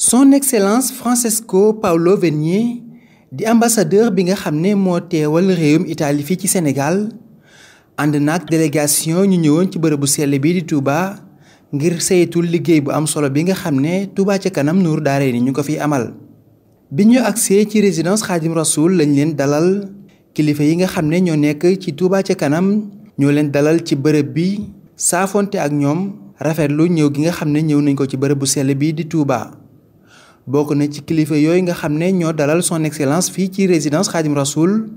son excellence Francesco Paolo Venier di ambassadeur bi nga xam ne moo teewal réewum Italie fii ci senegal ànd naag délégation ñu ñëwoon ci bërëbu sell bii di Touba ngir saytul liggéey bu am solo bi nga xam ne Touba ca kanam Nour Daare ni ñu ko fi amal. bi ñu agsee ci résidence Khadim Rasoul lañ leen dalal kilifa yi nga xam ne ñoo nekk ci Touba ca kanam ñoo leen dalal ci bërëb bi saafonte ak ñoom rafetlu ñëw gi nga xam ne ñëw nañ ko ci bërëbu sell bi di Touba. bokk na ci kilifa yooyu nga xam ne ñoo dalal son excellence fii ci résidence Khadim Rasoul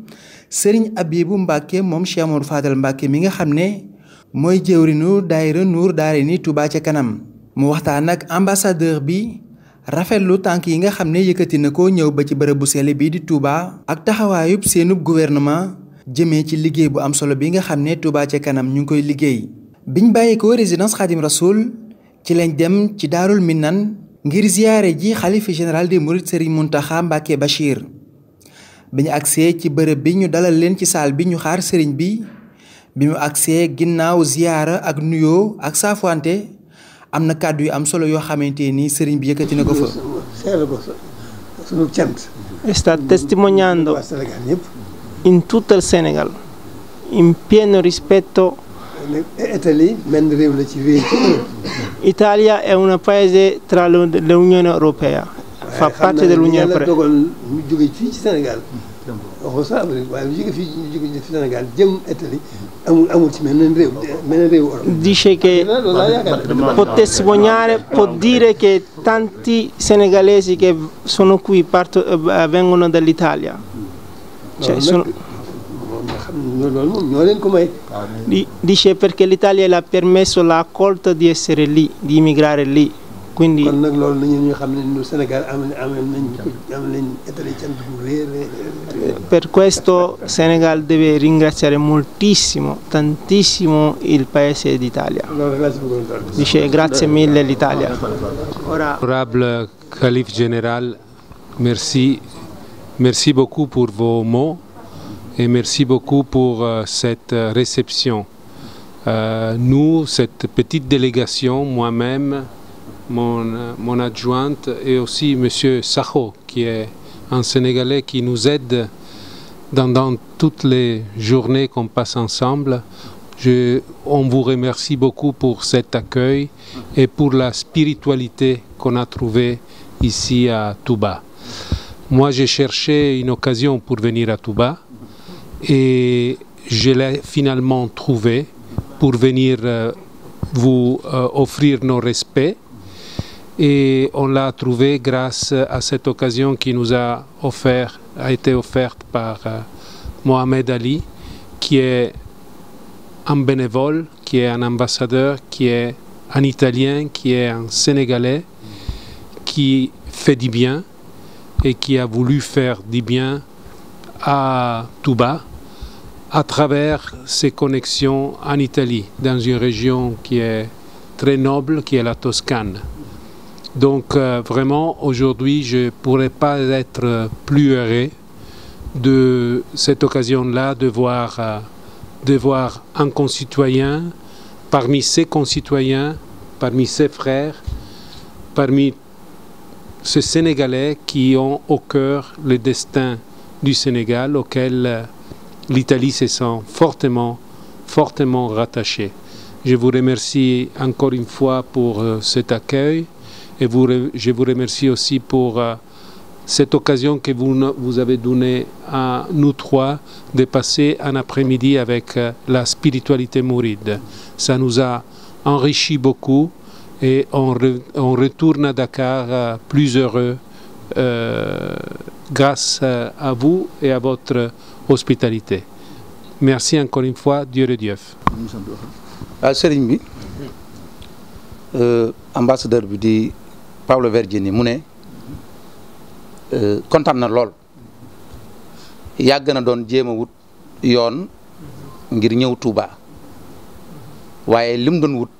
Serigne bu Mbacke moom Cheikh Amadou Fadel mi nga xam ne mooy jëwrinu daayira Nour Daarayni Touba ca kanam mu waxtaan ak ambassadeur bi rafetlu tànk yi nga xam ne yëkkati na ko ñëw ba ci bërëb bu sell bii di Touba ak taxawaayub seenub gouvernement jëme ci liggéey bu am solo bi nga xam ne Touba ca kanam ñu ngi koy liggéey biñ bàyyi ko résidence Khadim Rasoul ci lañ dem ci daarul Minnan ngir ziyaare ji xalifa général des mourides Serigne Mountakha Mbacké Bachir bi ñu agsee ci bërëb bi ñu dalal leen ci saal bi ñu xaar sëriñ bi bi mu agsee ginnaaw ziyaara ak nuyoo ak saafuwante am na kàddu yu am solo yoo xamante ni sëriñ bi yëkkati na ko fa. sunu Senegal Italie menn réew la Italia è un paese tra l'Unione Europea eh, fa parte dell'Unione Europea dice che potessimo ñaare può dire tanti senegalesi che sono qui eh, vengono dall'Italia cioè Dice perché l'Italia è l'ha permesso la colta di essere lì, di immigrare lì. Per questo Senegal deve ringraziare moltissimo, tantissimo il paese d'Italia. grazie mille l'Italia. Ora Honorable Calife Général, merci merci beaucoup pour vos mots. et merci beaucoup pour euh, cette euh, réception. Euh, nous, cette petite délégation, moi-même, mon, euh, mon, adjointe et aussi M. Saho, qui est un Sénégalais qui nous aide dans, dans toutes les journées qu'on passe ensemble. Je, on vous remercie beaucoup pour cet accueil et pour la spiritualité qu'on a trouvée ici à Touba. Moi, j'ai cherché une occasion pour venir à Touba et je l'ai finalement trouvé pour venir euh, vous euh, offrir nos respects et on l'a trouvé grâce à cette occasion qui nous a offert, a été offerte par euh, Mohamed Ali qui est un bénévole, qui est un ambassadeur, qui est un Italien, qui est un Sénégalais, qui fait du bien et qui a voulu faire du bien à Touba à travers ses connexions en Italie, dans une région qui est très noble, qui est la Toscane. Donc euh, vraiment, aujourd'hui, je ne pourrais pas être plus heureux de cette occasion-là de voir, euh, de voir un concitoyen parmi ses concitoyens, parmi ses frères, parmi ces Sénégalais qui ont au cœur le destin du Sénégal auquel euh, l'Italie se sent fortement, fortement Je vous remercie encore une fois pour euh, cet accueil et je vous remercie aussi pour euh, cette occasion que vous, vous avez donnée à nous trois de passer un après-midi avec euh, la spiritualité mouride. Ça nous a enrichi beaucoup et on retourne à Dakar euh, plus heureux grâce à vous et à votre hospitalité merci encore fois jërëjëf ah sëriñ bi euh, ambassadeur bi di Paolo Vergini mu ne euh, kontaan na lool yàgg na doon jéem a wut yoon ngir ñëw Touba waaye lim doon wut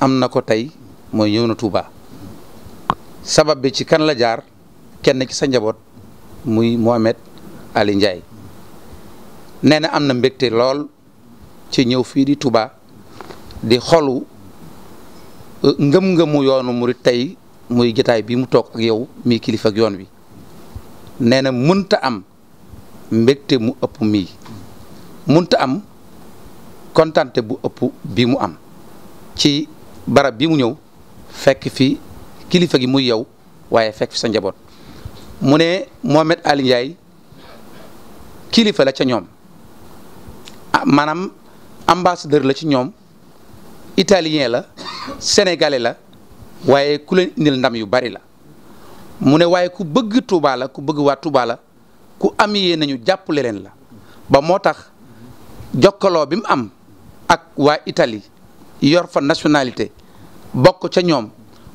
am na ko tey mooy ñëw na Touba sabab bi ci kan la jaar kenn ci sa njaboot muy Mohamed Ali Ndiaye nee na am na mbegte lool ci ñëw fii di Touba di xolu euh, ngëm-ngëmu yoonu murit tey muy jataay bii mu toog ak yow mii kilifa ak yoon wi nee na mënta am mbegte mu ëpp mii munta am kontante bu ëpp bi mu am ci barab bi mu ñëw fekk fi kilifa gi muy yow waaye fekk fi sa njaboot mu ne moomet alinjaay Ndiaye kilifa la ca ñoom Ah, maanaam ambassadeur la ci ñoom italien la sénégalais la waaye ku leen indil ndam yu bari la mu ne waaye ku bëgg Touba la ku bëgg waa Touba la ku am yéen nañu jàppale leen la ba moo tax jokkaloo bi mu am ak waa itali yor fa nationalité bokk ca ñoom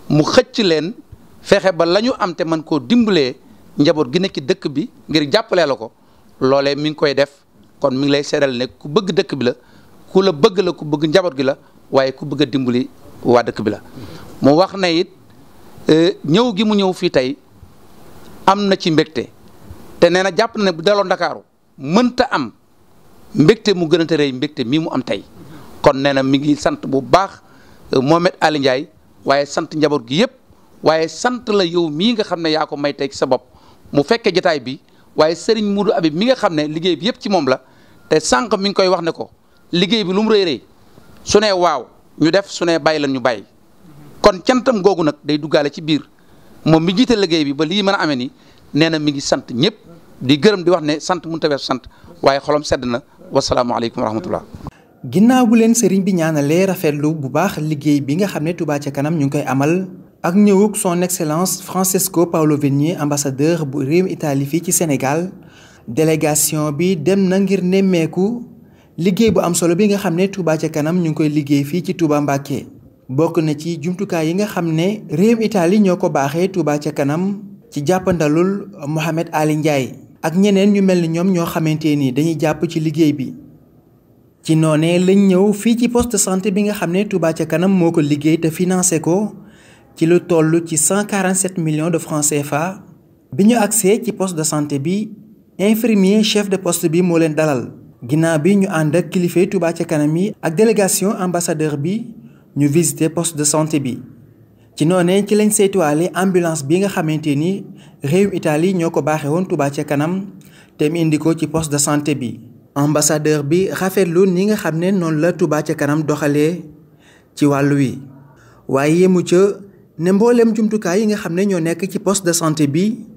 mu xëcc leen fexe ba lañu ñu am te mën koo dimbalee njaboot gi nekk dëkk bi ngir jàppale la ko loole mi ngi koy def kon mi ngi lay seedal ne ku bëgg dëkk bi la ku la bëgg la ku bëgg njaboot gi la waaye ku bëgg a dimbali waa dëkk bi la mu wax na it e, ñëw gi mu ñëw fii tey am na ci mbégte te nee na jàpp na ne bu delloo ndakaaru mënta am mbégte mu gën a tëree mbégte mii mu am tey kon nee na mi ngi sant bu baax e, Mohamed Ali Ndiaye waaye sant njaboot gi yëpp waaye sant la yow mii nga xam ne yaa ko may tey sa bopp mu fekkee jataay bi waaye Serigne Moudou abi mi nga xam ne liggéey bi yëpp ci moom la te sànq mi ngi koy wax ne ko liggéey bi lu mu rëy rëy su ne waaw ñu def su ne bàyyi lan ñu bàyyi kon cantam googu nag day duggaale ci biir moom mi jiita liggéey bi ba lii mën a amee ni nee na mi ngi sant ñëpp di gërëm di wax ne sant mënut a sant waaye xolom sedd na wasalaamaaleykum wa rahmatullah ginnaaw bu leen sëriñ bi ñaanalee rafetlu bu baax liggéey bi nga xam ne Touba ca kanam ñu ngi koy amal ak ñëwug son excellence Francesco Paolo Venier ambassadeur bu réew Italie fii ci Sénégal délégation bi dem na ngir nemmeeku liggéey bu am solo bi nga xam ne Touba ca kanam ñu ngi koy liggéey fii ci Touba Mbacké bokk na ci jumtukaay yi nga xam ne réew Italie ñoo ko baaxee Touba ca kanam ci jàppandalul Mohamed Ali Ndiaye ak ñeneen ñu mel ni ñoom ñoo xamante ni dañuy jàpp ci liggéey bi ci noonee lañ ñëw fii ci post de santé bi nga xam ne Touba ca kanam moo ko liggéey te financé ko ci lu toll ci 147 millions de francs CFA bi ñu agsee ci poste de santé bi infirmier chef de poste bi moo leen dalal ginaaw bi ñu ànd ak kilifay Touba ca kanam yi ak délégation ambassadeur bi ñu visiter poste de santé bi ci noonee ci lañ saytuwaale ambulance bi nga xamante ni réewum Italie ñoo ko baaxee woon Touba ca kanam te mu indi ko ci poste de santé bi. ambassadeur bi rafetlu ni nga xam ne noonu la Touba ca kanam doxalee ci wàllu wi waaye yemu ca ne mboolem jumtukaay yi nga xam ne ñoo nekk ci poste de santé bi.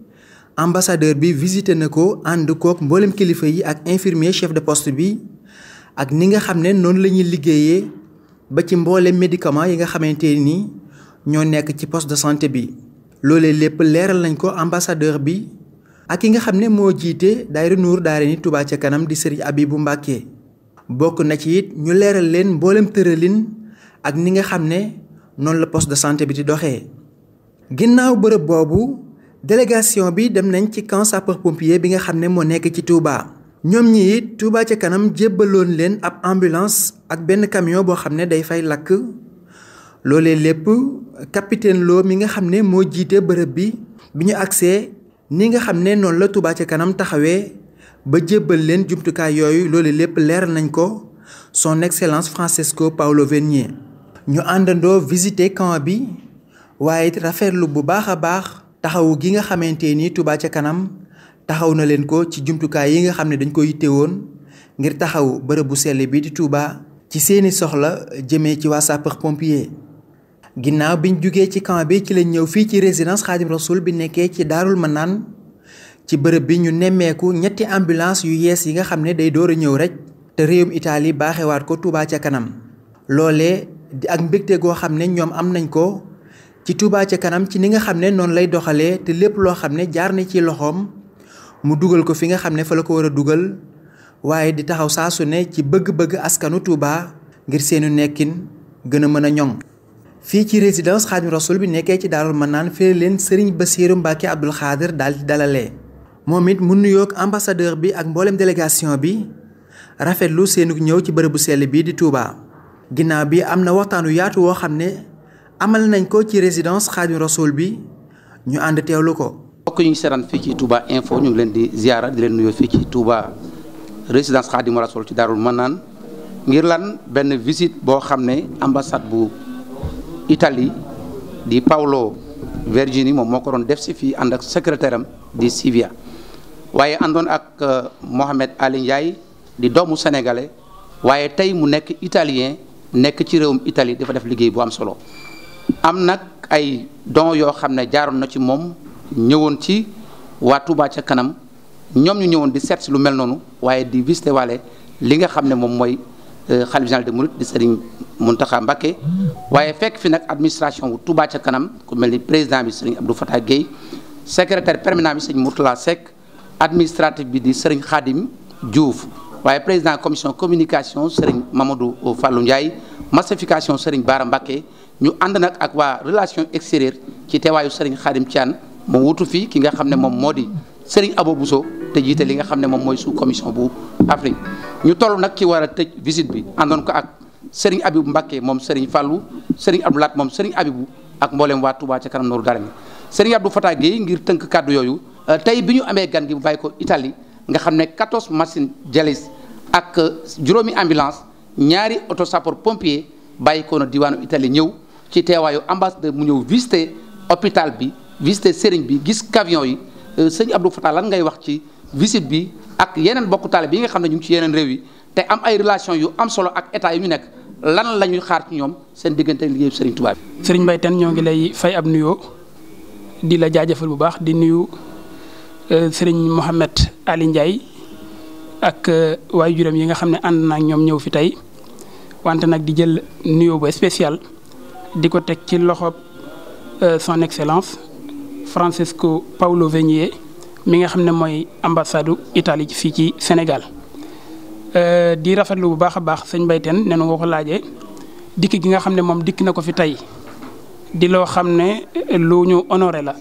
ambassadeur bi visité na ko ànd kook mbooleem kilifa yi ak infirmier chef de post bi ak ni nga xam ne noonu lañuy ñuy liggéeyee ba ci mboolem médicament yi nga xamante ni ñoo nekk ci poste de santé bi. loolee lépp leeral nañ ko ambassadeur bi ak yi nga xam ne moo jiite daayira Nuuru Daarayni Touba ca kanam di sëriñ bu Mbàkke bokk na ci it ñu leeral leen mboolem tëralin ak ni nga xam ne noonu la poste de santé bi di doxee ginnaaw bërëb boobu. délégation bi dem nañ ci camp sapeur pompier bi nga xam ne moo nekk ci Touba. ñoom ñi it Touba ca kanam jébbaloon leen ab ambulance ak benn camion boo xam ne day fay lakk loolee lépp capitaine Lo mi nga xam ne moo jiitee bërëb bi bi ñu agsee ni nga xam ne noonu la Touba ca kanam taxawee ba jébbal leen jumtukaay yooyu loole lépp leer nañ ko son excellence Francesco Paolo Venier ñu àndandoo visiter camp bi waaye rafetlu bu baax a baax taxaw gi nga xamante nii Touba ca kanam taxaw na leen ko ci jumtukaay yi nga xam ne dañ ko yitte woon ngir taxaw bërëb bu sell bii di Touba ci seeni soxla jëmee ci waa sapeur pompier. ginnaaw biñ jugee ci camp bi ci lañ ñëw fii ci résidence Khadim Rasoul bi nekkee ci Daarul ma naan ci bërëb bi ñu nemmeeku ñetti ambulance yu yees yi nga xam ne day door a ñëw rek te réewum Italie baaxewaat ko Touba ca kanam loole di ak mbégte goo xam ne ñoom am nañ ko ci Touba ca kanam ci ni nga xam ne noonu lay doxalee te lépp loo xam ne jaar na ci loxoom mu dugal ko fi nga xam ne fa la ko war a dugal waaye di taxaw saa su ne ci bëgg-bëgg askanu Touba ngir seenu nekkin gën a mën a ñoŋ. fii ci résidence Xaadimu Rasuul bi nekkee ci Daarul Manaan fii leen Serigne Bassirou Mbacké Abdoul Khadir daal di dalale moom it mu nuyoog ambassadeur bi ak mboolem délégation bi rafetlu seenu ñëw ci bërëbu sell bii di Touba. ginnaaw bi na waxtaanu yaatu woo xam ne. amal nañ ko ci résidence Xaadimu rasol bi ñu ànd teelu ko. mbokk yi ñu fii ci Touba Info ñu leen di ziara di leen nuyoo fii ci Touba résidence Xaadimu Rasuul ci Daarul naan ngir lan benn visite boo xam ne ambassade bu Italie di Paolo Vergini moom moo ko doon def si fii ànd ak secrétaire am di Sivia waaye àndoon ak euh, Mohamed Ali Ndiaye di doomu sénégalais waaye tey mu nekk italien nekk ci réewum Italie dafa def liggéey bu am solo. am nag ay don yoo xam ne jaaroon na ci moom ñëwoon ci waa Touba ca kanam ñoom ñu ñëwoon di seet si lu mel noonu waaye di visité waale li nga xam ne moom mooy xalif euh, général de Mouride di Serigne Mountakha Mbacké waaye fekk fi nag administration wu Touba ca kanam ku mel ni président bi Serigne Abdou Fatah Guèye secrétaire permanent bi Serigne Mourtala Seck administratif bi di Serigne Khadim Diouf waaye président commission communication Serigne Mamadou Fallou Ndiaye massification Serigne Bara Mbacké ñu ànd nag ak waa relation extérieure ci teewaayu Serigne Khadim Thian mu wutu fii ki nga xam ne moom moo di Serigne Abo Bousso te jiite li nga xam ne moom mooy sous commission bu Afrique ñu toll nag ci war a tëj visite bi àndoon ko ak Serigne Abibou Mbacké moom Serigne fàllu Serigne Abdou Lat moom Serigne Abibou ak mboolem waa Touba ca kanam nooru dara mi Serigne Abdou Fatah Guèye ngir tënk kàddu yooyu euh, tey bi ñu amee gan gi bu bàyyi ko itali nga xam ne 14 machines dialyse ak euh, juróomi ambulance ñaari auto sapeur pompier bàyyi ko na diwaanu Italie ñëw. ci teewaayu ambassadeur mu ñëw visiter hôpital bi visiter sëriñ bi gis camion yi euh, sëñ Abdou Fatah lan ngay wax ci visite bi ak yeneen bokku taalibe yi nga xam ne ñu ci yeneen réew yi te am ay relation yu am solo ak état yi ñu nekk lan la ñuy xaar ñoom seen diggante liggéeyu sëriñ Touba bi. sëriñ Mbaye ñoo ngi lay fay nuyoo di la jaajëfal bu baax di nuyu euh, sëriñ Mohamed Ali Ndiaye ak euh, waajuram yi nga xam ne ànd naa ñoom ñëw fi tey wante nag di jël nuyoo bu spécial. di ko teg ci loxob euh, son excellence Francesco Paolo Venier mi nga xam ne mooy ambassade Italie fii ci Sénégal euh, di rafetlu bu baax a baax sëñ Bayteen nee na nga ko laajee dikk gi nga xam ne moom dikk na ko fi tey di loo xam ne euh, lu ñu honoré la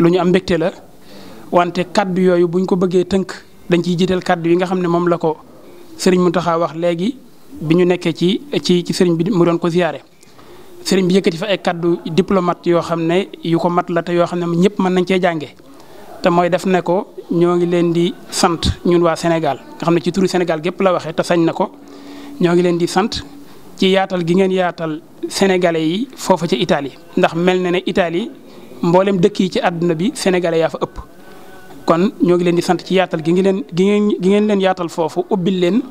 lu ñu am mbégte la wante kaddu yooyu buñ ko bëggee tënk dañ ciy jiital kaddu yi nga xam ne moom la ko sëriñ mu Mountakha wax léegi bi ñu nekkee ci ci ci sëriñ bi mu doon ko ziyaare sëriñ bi yëkkati fa ay kàddu diplomate yoo xam ne yu ko mat la te yoo xam ne ñëpp mën nañ cee jànge te mooy def ne ko ñoo ngi leen di sant ñun waa Sénégal xam ne ci turu Sénégal gépp la waxee te sañ na ko ñoo ngi leen di sant ci yaatal gi ngeen yaatal sénégalais yi foofu ci itali ndax mel na ne Italie mboolem dëkk yi ci àdduna bi sénégalais yaa fa ëpp. kon ñoo ngi leen di sant ci yaatal gi ngi leen gi ngeen gi ngeen leen yaatal foofu ubbil leen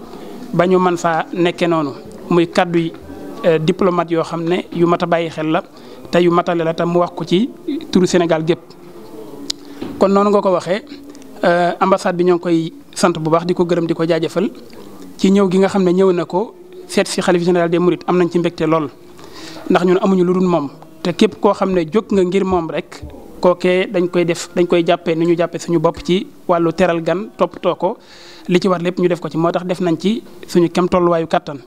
ba ñu mën faa nekkee noonu muy kaddu yi Euh, diplomate yoo xam ne yu mat a bàyyi xel la te yu matale la te mu wax ko ci turu Sénégal gépp kon noonu nga ko waxee euh, ambassade bi ñoo ngi koy sant bu baax di ko gërëm di ko jaajëfal ci ñëw gi nga xam ne ñëw na ko seet si xalifa général des Mourides am nañ ci mbégte lool ndax ñun amuñu lu dul moom te képp koo xam ne jóg nga ngir moom rek kookee dañ koy def dañ koy jàppee nu ñu jàppee suñu bopp ci wàllu teral gan toppatoo ko li ci war lépp ñu def ko ci moo tax def nañ ci suñu kem tolluwaayu kàttan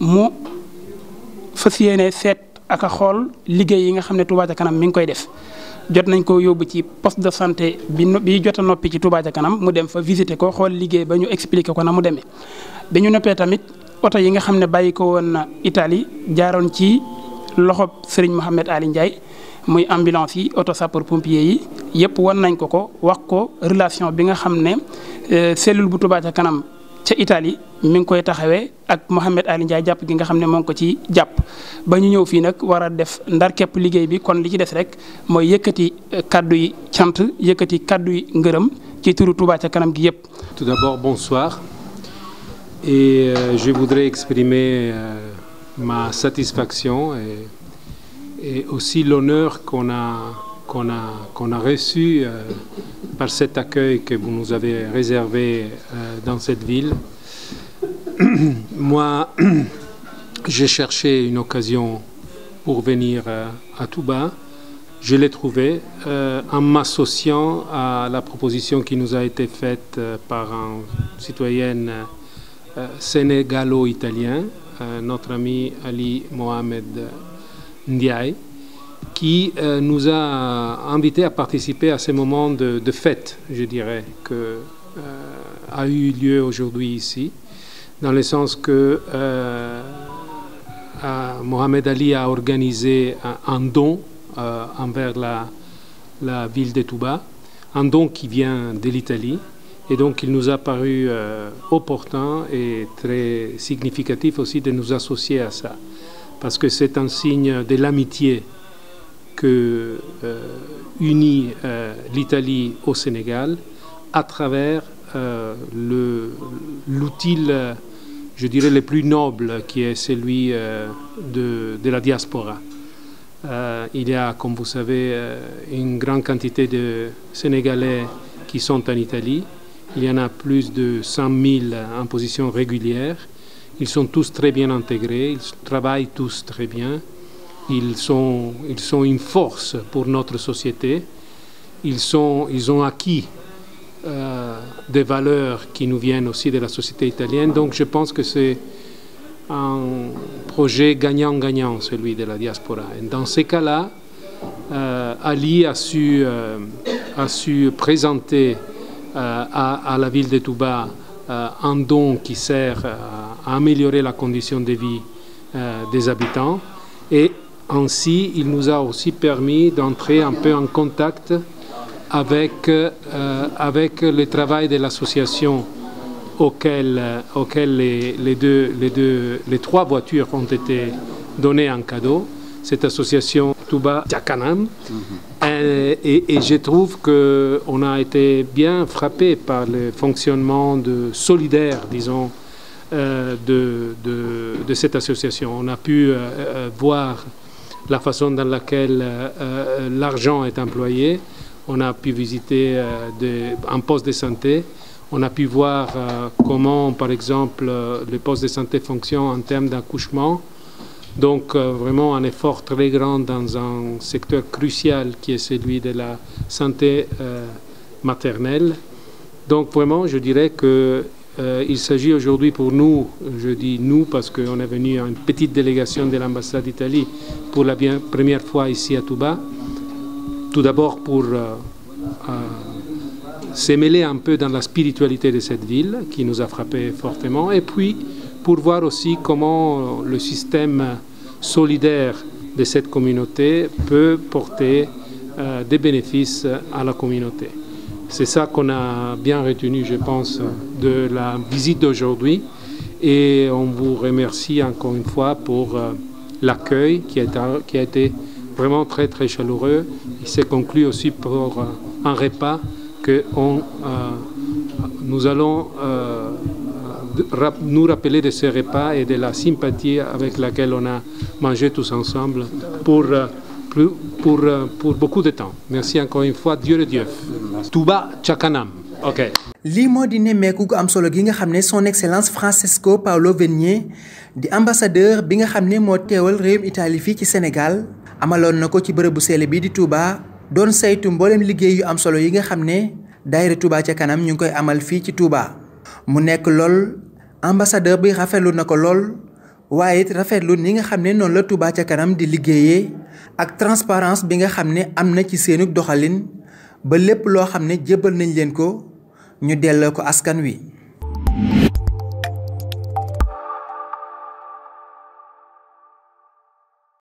mu fas yéene seet ak a xool liggéey yi nga xam ne Touba ca kanam mi ngi koy def jot nañ ko yóbbu ci poste de santé bi bi jot a noppi ci Touba ca kanam mu dem fa visiter ko xool liggéey ba ñu expliquer ko na mu demee. bi ñu noppee tamit oto yi nga xam ne bàyyi ko woon na Italie jaaroon ci loxob Serigne Mohamed Ali Ndiaye muy ambulance yi oto sapeur pompier yi yëpp wan nañ ko ko wax ko relation bi nga xam ne euh, cellule bu Touba kanam. ca Italie mi ngi koy taxawee ak Mouhamed Ali Ndiaye jàpp gi nga xam ne moo ngi ko ci jàpp ba ñu ñëw fii nag war a def ndar képp liggéey bi kon li ci des rek mooy yëkkati euh, kaddu yi cant yëkkati kaddu yi ngërëm ci turu Touba ca kanam gi yëpp. Tout d'abord, bonsoir. Et euh, je voudrais exprimer euh, ma satisfaction et, aussi l'honneur qu'on a qu'on a, qu'on a reçu euh, par cet accueil que vous nous avez réservé euh, dans cette ville. Moi, j'ai cherché une occasion pour venir euh, à Touba. Je l'ai trouvée euh, en m'associant à la proposition qui nous a été faite euh, par un citoyen euh, sénégalo-italien, notre ami Ali Mohamed Ndiaye. qui euh, nous a invités à participer à ces moments de, de fête, je dirais, que euh, a eu lieu aujourd'hui ici, dans le sens que euh, Mohamed Ali a organisé un, un don euh, envers la, la, ville de Touba, un don qui vient de l'Italie. Et donc il nous a paru euh, opportun et très significatif aussi de nous associer à ça, parce que c'est un signe de l'amitié que euh, unit euh, l'Italie au Sénégal à travers euh, le l'outil, je dirais, le plus noble qui est celui euh, de, de la diaspora. Euh, il y a, comme vous savez, une grande quantité de Sénégalais qui sont en Italie. Il y en a plus de 100 000 en position régulière. Ils sont tous très bien intégrés, ils travaillent tous très bien. Ils sont, ils sont une force pour notre société. Ils, sont, ils ont acquis euh, des valeurs qui nous viennent aussi de la société italienne. Donc je pense que c'est un projet gagnant-gagnant, celui de la diaspora. Et dans ces cas-là, euh, Ali a su, euh, a su présenter euh, à, à, la ville de Touba euh, un don qui sert à, euh, à améliorer la condition de vie des habitants et Ainsi, il nous a aussi permis d'entrer un peu en contact avec, euh, avec le travail de l'association auquel, auquel les, les, deux, les, deux, les trois voitures ont été données en cadeau, cette association Touba Tchakanam. Mm -hmm. et, euh, et, et, je trouve qu'on a été bien frappé par le fonctionnement de, solidaire, disons, euh, de, de, de, cette association. On a pu euh, euh voir la façon dans laquelle euh, euh, l'argent est employé. On a pu visiter euh, des, un poste de santé. On a pu voir euh, comment, par exemple, euh, les postes de santé fonctionnent en termes d'accouchement. Donc, euh, vraiment un effort très grand dans un secteur crucial qui est celui de la santé maternelle. Donc, vraiment, je dirais que Euh, il s'agit aujourd'hui pour nous, je dis nous parce qu'on est venu à une petite délégation de l'ambassade d'Italie pour la bien, première fois ici à Touba, tout d'abord pour euh, euh, se mêler un peu dans la spiritualité de cette ville qui nous a frappé fortement, et pour voir aussi comment le système solidaire de cette communauté peut porter euh, des bénéfices à la communauté. C'est ça qu'on a bien retenu, je pense, de la visite d'aujourd'hui. Et on vous remercie encore une fois pour euh, l'accueil qui, a été vraiment très très chaleureux. Il s'est conclu aussi pour euh, un repas que on, euh, nous allons euh, nous rappeler de ce repas et de la sympathie avec laquelle on a mangé tous ensemble pour, pour pour, euh, pour beaucoup de temps. Merci encore une fois, Dieu Touba Chakanam. ok. lii moo di nemmeeku am solo gi nga xam ne son excellence Francesco Paolo Venier di ambassadeur bi nga xam ne moo teewal réewum Italie fii ci Sénégal amaloon na ko ci bërëb bu seele bii di Touba doon saytu mboolem liggéey yu am solo yi nga xam ne daayira Touba ca kanam ñu ngi koy amal fii ci Touba. mu nekk lool ambassadeur bi rafetlu na ko lool. waaye it rafetlu ni nga xam ne noonu la Touba ca kanam di liggéeyee ak transparence bi nga xam ne am na ci seenug doxalin ba lépp loo xam ne jébbal nañ leen ko ñu delloo ko askan wi